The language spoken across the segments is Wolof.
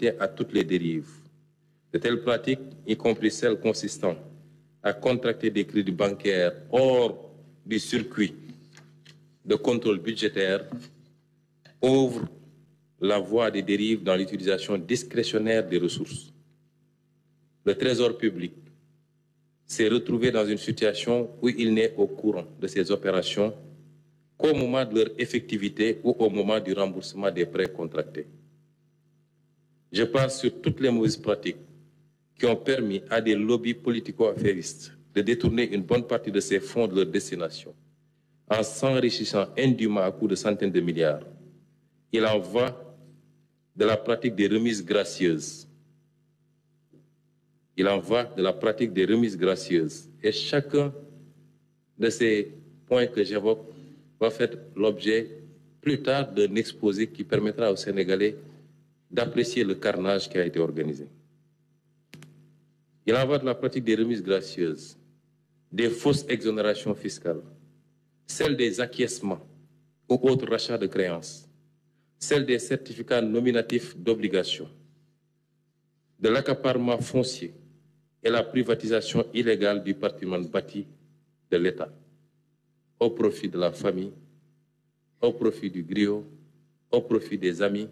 éviter à toutes les dérives. De telles pratiques, y compris celles consistant à contracter des crédits bancaires hors du circuit de contrôle budgétaire, ouvrent la voie des dérives dans l'utilisation discrétionnaire des ressources. Le Trésor public s'est retrouvé dans une situation où il n'est au courant de ses opérations qu'au moment de leur effectivité ou au moment du remboursement des prêts contractés. Je pense sur toutes les mauvaises pratiques qui ont permis à des lobbies politico-affairistes de détourner une bonne partie de ces fonds de leur destination en s'enrichissant indûment à coups de centaines de milliards. Il en va de la pratique des remises gracieuses. Il en va la pratique des remises gracieuses. Et chacun de ces points que j'évoque va faire l'objet plus tard d'un exposé qui permettra aux Sénégalais d'apprécier le carnage qui a été organisé. Il en va de la pratique des remises gracieuses, des fausses exonérations fiscales, celle des acquiescements ou autres rachats de créances, celle des certificats nominatifs d'obligation, de l'accaparement foncier et la privatisation illégale du patrimoine bâti de l'État au profit de la famille, au profit du griot, au profit des amis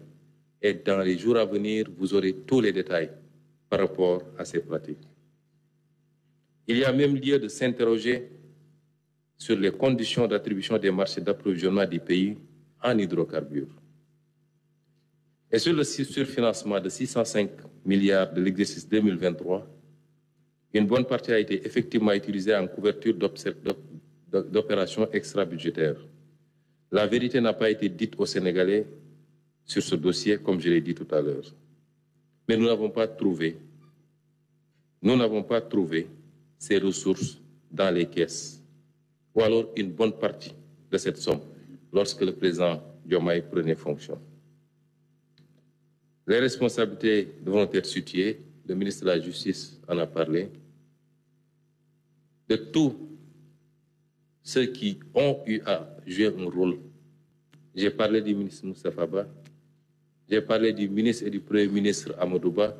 Et dans les jours à venir, vous les détails par rapport à ces même lieu de s'interroger sur les conditions d'attribution des marchés d'approvisionnement des pays en hydrocarbures. Et sur le de 605 milliards de l'exercice 2023, une bonne partie a été effectivement utilisée en couverture d'opérations extra-budgétaires. La vérité n'a pas été dite aux sur ce dossier, comme je l'ai dit tout à l'heure. Mais nous n'avons pas trouvé, nous ressources dans les caisses, ou alors une bonne partie de cette somme, lorsque le président Diomaye prenait fonction. Les responsabilités devront être situées, le ministre de la Justice en a parlé, de tous ceux qui ont eu à jouer un rôle. J'ai parlé du ministre Moustapha J'ai parlé du ministre et du Premier ministre Amadouba.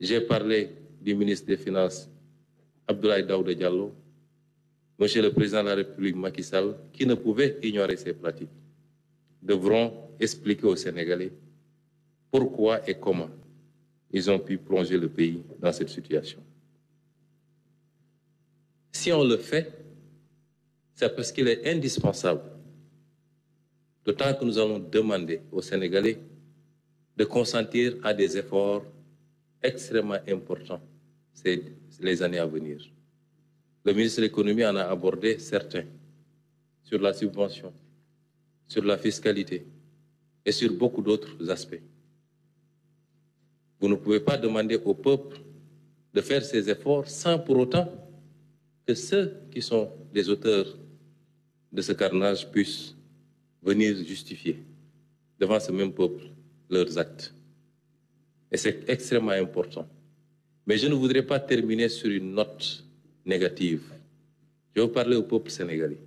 J'ai parlé du ministre des Finances Abdoulaye Daouda jallo Monsieur le Président de la République Macky Sall, qui ne pouvait ignorer ces pratiques, devront expliquer aux Sénégalais pourquoi et comment ils ont pu plonger le pays dans cette situation. Si on le fait, c'est parce qu'il est indispensable, d'autant que nous allons demander aux Sénégalais de consentir à des efforts extrêmement importants ces, les années à venir. Le ministre de l'économie en a abordé certains sur la subvention, sur la fiscalité et sur beaucoup d'autres aspects. Vous ne pouvez pas demander au peuple de faire ces efforts sans pour autant que ceux qui sont les auteurs de ce carnage puissent venir justifier devant ce même peuple leurs actes. Et c'est extrêmement important. Mais je ne voudrais pas terminer sur une note négative. Je veux parler au peuple sénégalais.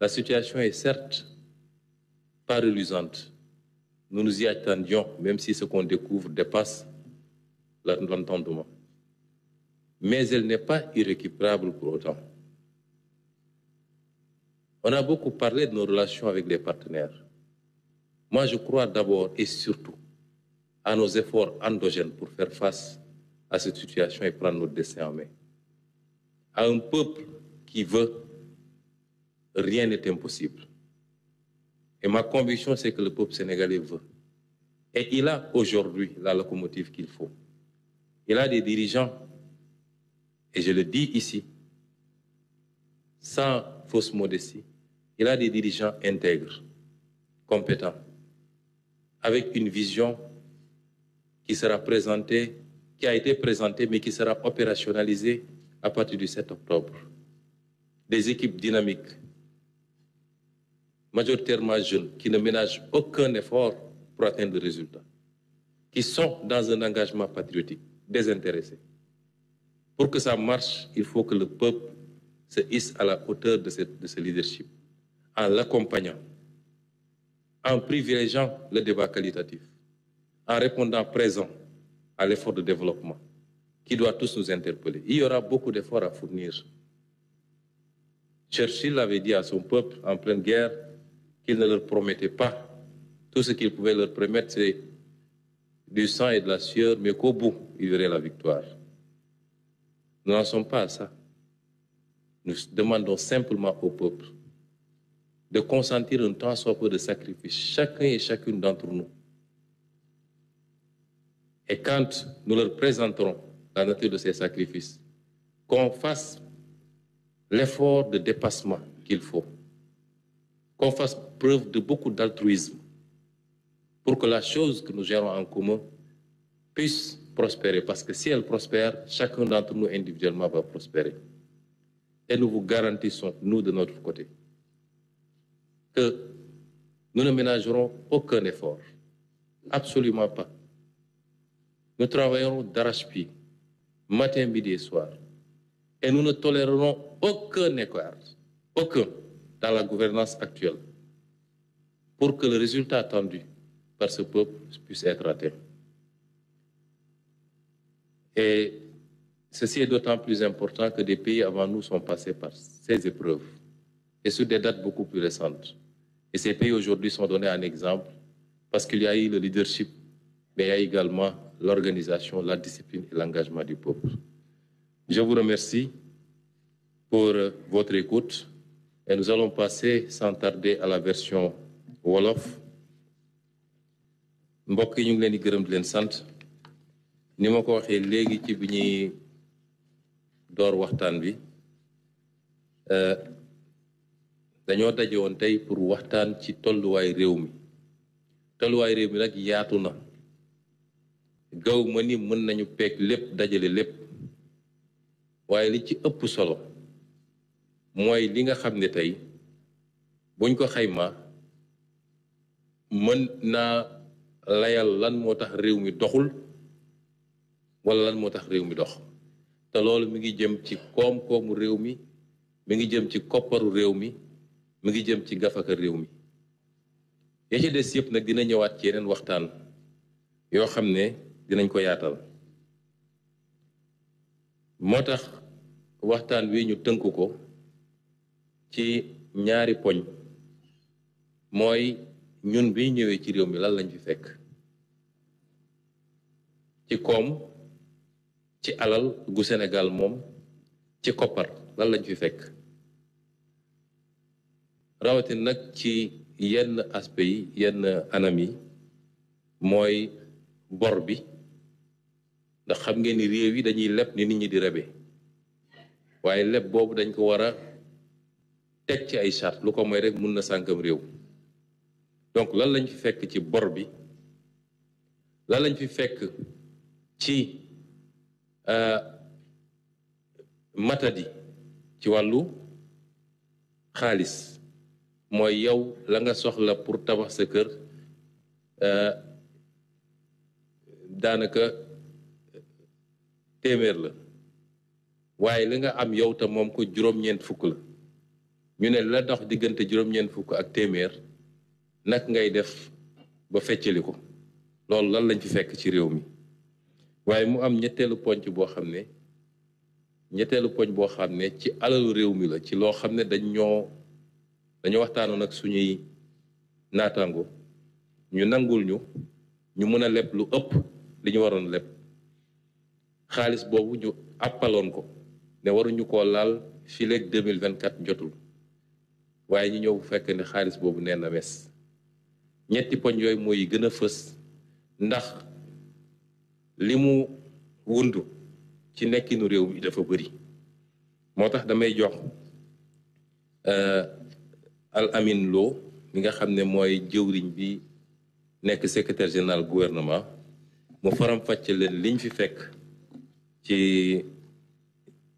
La situation est certes pas reluisante. Nous nous y attendions, même si ce qu'on découvre dépasse l'entendement. Mais elle n'est pas irrécupérable pour autant. On a beaucoup parlé de nos relations avec les partenaires. Moi, je crois d'abord et surtout à nos efforts endogènes pour faire face à cette situation et prendre notre destin en main. À un peuple qui veut, rien n'est impossible. Et ma conviction, c'est que le peuple sénégalais veut. Et il a aujourd'hui la locomotive qu'il faut. Il a des dirigeants, et je le dis ici, sans fausse modestie, il a des dirigeants intègres, compétents, avec une vision qui sera présentée, qui a été présentée, mais qui sera opérationnalisée à partir du octobre. Des équipes dynamiques, majoritairement jeunes, qui ne ménagent aucun effort pour atteindre le résultat, qui sont dans un engagement patriotique, désintéressés. Pour que ça marche, il faut que le peuple se hisse à la hauteur de ce, de ce leadership, en l'accompagnant en privilégiant le débat qualitatif, en répondant présent à l'effort de développement qui doit tous nous interpeller. Il y aura beaucoup d'efforts à fournir. Churchill avait dit à son peuple en pleine guerre qu'il ne leur promettait pas. Tout ce qu'il pouvait leur promettre, c'est du sang et de la sueur, mais qu'au bout, il verrait la victoire. Nous n'en sommes pas à ça. Nous demandons simplement au peuple de consentir un temps soit peu de sacrifice, chacun et chacune d'entre nous. Et quand nous leur présenterons la nature de ces sacrifices, qu'on fasse l'effort de dépassement qu'il faut, qu'on fasse preuve de beaucoup d'altruisme pour que la chose que nous gérons en commun puisse prospérer. Parce que si elle prospère, chacun d'entre nous individuellement va prospérer. Et nous vous garantissons, nous de notre côté, que nous ne ménagerons aucun effort. Absolument pas. Nous travaillerons darrache matin, midi et soir. Et nous ne tolérerons aucun dans la gouvernance actuelle, pour que le résultat attendu par ce peuple puisse être atteint. Et ceci est d'autant plus important que des pays avant nous sont passés par ces épreuves, et sur des dates beaucoup plus récentes. Et ces pays aujourd'hui sont donnés un exemple parce qu'il y a eu le leadership, mais il y a également l'organisation, la discipline et l'engagement du peuple. Je vous remercie pour votre écoute et nous allons passer sans tarder à la version wolof mbokk yi ñu ngi leen di gërëm di leen sant ni ma ko waxee léegi ci bi ñuy door waxtaan bi euh, dañoo daje woon tey pour waxtaan ci tolluwaay réew mi tolluwaay réew mi nag yaatu na gaw ma ni mën nañu peeg lépp dajale lépp waaye li ci ëpp solo mooy li nga xam ne tey buñ ko xaymaa mën naa layal lan moo tax réew mi doxul wala lan moo tax réew mi dox te loolu mi ngi jëm ci koom-koomu réew mi mu ngi jëm ci kopparu réew mi mu ngi jëm ci gafaka réew mi ya des yëpp nag dina ñëwaat ci yeneen waxtaan yoo xam ne dinañ ko yaatal moo tax waxtaan wi ñu tënk ko ci ñaari poñ mooy ñun bi ñëwee ci réew mi lan lañu fi fekk ci koom ci alal gu senegal moom ci koppar lan lañ fi fekk rawatina nag ci yenn aspect yi yenn anam yi mooy bor bi ndax xam ngeen ni réew yi dañuy leb ni nit ñi di rebe waaye leb boobu dañ ko war a teg ci ay charte lu ko mooy rek mun na sànkam réew donc lan lañ fi fekk ci bor bi lan lañ fi fekk ci euh, matadi ci wàllu xaalis mooy yow la nga soxla pour tabax sa kër euh, daanaka téeméer la waaye li nga am yow te moom ko juróom-ñeent fukk la ñu ne la dox diggante juróom-ñeent fukk ak téeméer nag ngay def ba feccali ko loolu lan lañ fi fekk ci réew mi waaye mu am ñetteelu ponc boo xam ne ñetteelu poñ boo xam ne ci alalu réew mi la ci loo xam ne dañ ñoo dañu waxtaanu nag suñuy naataango ñu nangul ñu ñu mën a leb lu ëpp li ñu waroon leb xaalis boobu ñu àppaloon ko ne waruñu koo laal vingt 2024 jotul waaye ñu ñëw bu fekk ne xaalis boobu nee na mes ñetti poñ yooyu mooy gën a fës ndax li mu wund ci nekkinu réew mi dafa bëri moo tax damay jox euh, Al Amin Lo mi nga xam ne mooy jëwriñ bi nekk secretaire général gouvernement mu faram-fàcce leen liñ fi fekk ci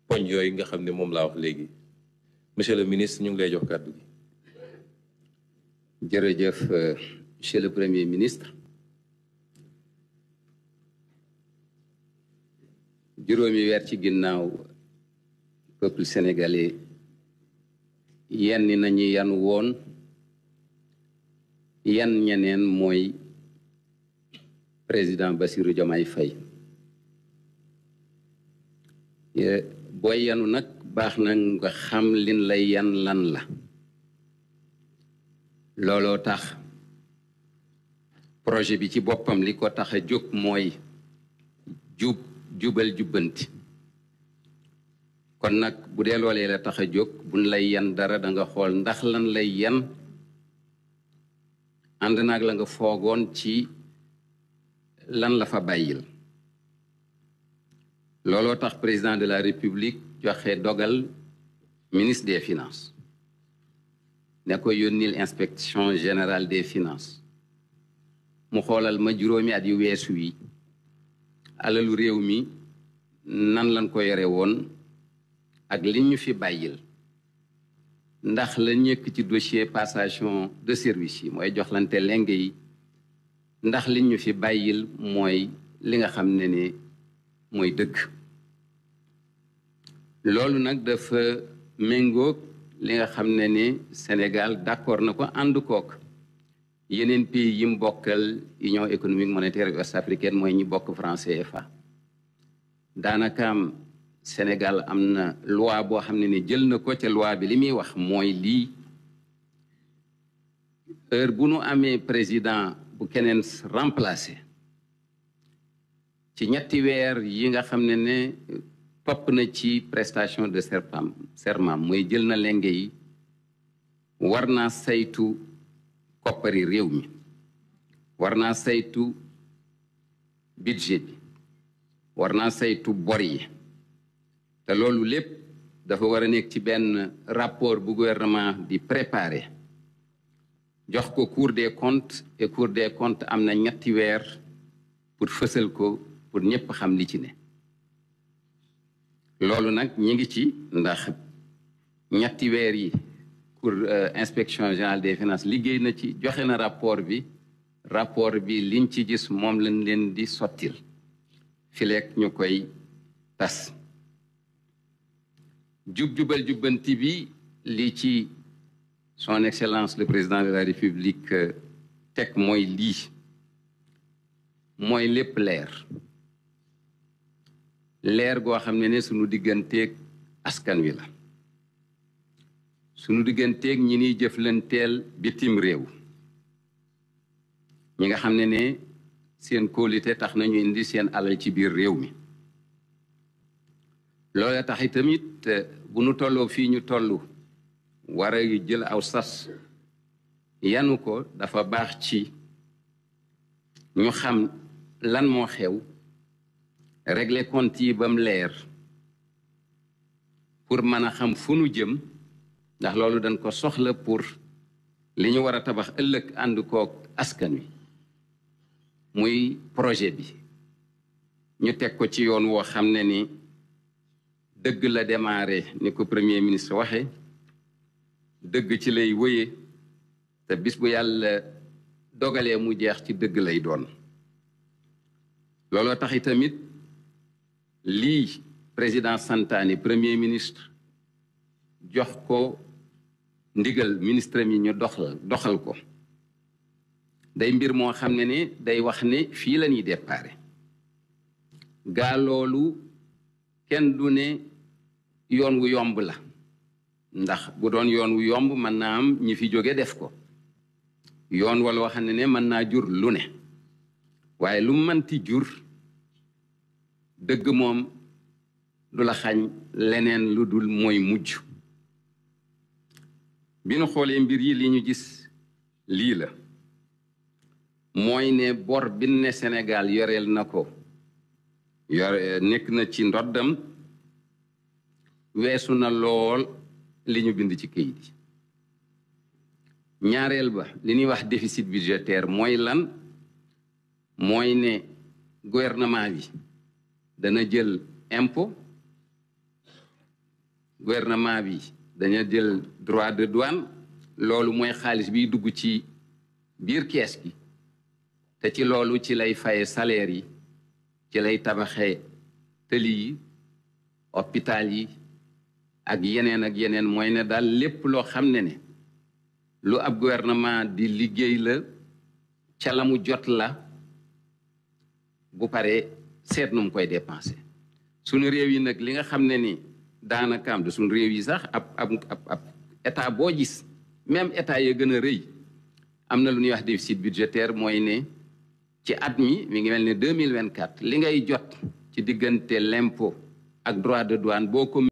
poñ yooyu nga xam ne moom laa wax léegi monsieur le ministre ñu ngi lay jox kàddu gi. jërëjëf euh, monsieur le premier ministre. juróomi weer ci ginnaaw peuple sénégalais. yenn nañu yan woon yan ñeneen mooy président Bassirou Diomaye fay boo yanu nag baax na nga xam lin la yan lan la looloo tax projet bi ci boppam li ko tax a jóg mooy jub jubal jubbanti kon nag bu dee loolee la tax a jóg buñ lay yan dara danga xool ndax lan lay yan ànd nag la nga foogoon ci lan la fa bàyyil looloo tax président de la république joxe dogal ministre des finance ne ko yónnil inspection générale des finance mu xoolal ma juróomi at yu weesu wi alalu réew mi nan lan ko yore woon ak li ñu fi bàyyil ndax la ñëkk ci dossier passation de service yi mooy joxlante leng yi ndax li ñu fi bàyyil mooy li nga xam ne ni mooy dëkk loolu nag dafa méngook li nga xam ne ni Sénégal d'accord na ko ànd kook yeneen pays yi mu bokkal Union économique monétaire ouest africaine mooy ñi bokk franc CFA daanakaam Sénégal am na loi boo xam ne ni jël na ko ca loi bi li muy wax mooy lii heure bu nu amee président bu keneen remplacé ci ñetti weer yi nga xam ne ne topp na ci prestation de serpam serment mooy jël na lenge yi war naa saytu koppari réew mi war naa saytu budget bi war naa saytu bor yi te loolu lépp dafa war a nekk ci benn rapport bu gouvernement di préparer jox ko cour des comptes et cour des comptes am na ñetti weer pour fësal ko pour ñëpp xam li ci ne loolu nag ñi ngi ci ndax ñetti weer yi pour euh, inspection générale des finances liggéey na ci joxe na rapport bi rapport bi liñ ci gis moom lañ leen di sottil fileek ñu koy tas jub-jubal jubbanti bi lii ci son excellence le président de la république euh, teg mooy lii mooy lépp leer leer goo xam ne ne sunu digganteeg askan wi la sunu digganteeg ñi niy jëflanteel bitim réew ñi nga xam ne ne seen kóolite tax nañu indi seen alal ci biir réew mi loola tax itamit eh, bu nu tolloo fii ñu tollu war a jël aw sas yanu ko dafa baax ci ñu xam lan moo xew régle compte yi ba mu leer pour mën a xam fu nu jëm ndax loolu dañ ko soxla pour li ñu war a tabax ëllëg ànd kook askan wi muy projet bi ñu teg ko ci yoon woo xam ne ni dëgg la démarré ni ko premier ministre waxe dëgg ci lay wéyee te bis bu yàlla dogalee mu jeex ci dëgg lay doon looloo tax tamit lii président santaane premier ministre jox ko ndigal ministre mi ñu doxal doxal ko day mbir moo xam ne ne day wax ne fii la ñuy déparé gaa loolu kenn du ne yoon wu yomb la ndax bu doon yoon wu yomb mën naa am ñi fi jóge def ko yoon walla wax ne ne mën naa jur lu ne waaye lu mënti jur dëgg moom du la xañ leneen lu dul mooy mujj bi nu xoolee mbir yi li ñu gis lii la mooy ne bor bi ne senegaal yoreel na ko yore nekk na ci ndoddam weesu na lool li ñu bind ci këyit yi ñaareel ba li ñuy wax déficit budgétaire mooy lan mooy ne gouvernement bi dana jël impôt gouvernement bi dana jël droit de douane loolu mooy xaalis biy dugg ci biir kees gi te ci loolu ci lay faye saleer yi ci lay tabaxee tëli yi hôpital yi ak yeneen ak yeneen mooy ne daal lépp loo xam ne ni lu ab gouvernement di liggéey la ca la mu jot la bu paree seet nu mu koy dépensé sunu réew yi nag li nga xam ne ni daanakaam de suñu réew yi sax ab ab ab état boo gis même état ya gën a rëy am na lu ñuy wax déficit budgétaire mooy ne ci at mi mu ngi mel ne 2024 li ngay jot ci diggante l'impôt ak droit de douane boo ko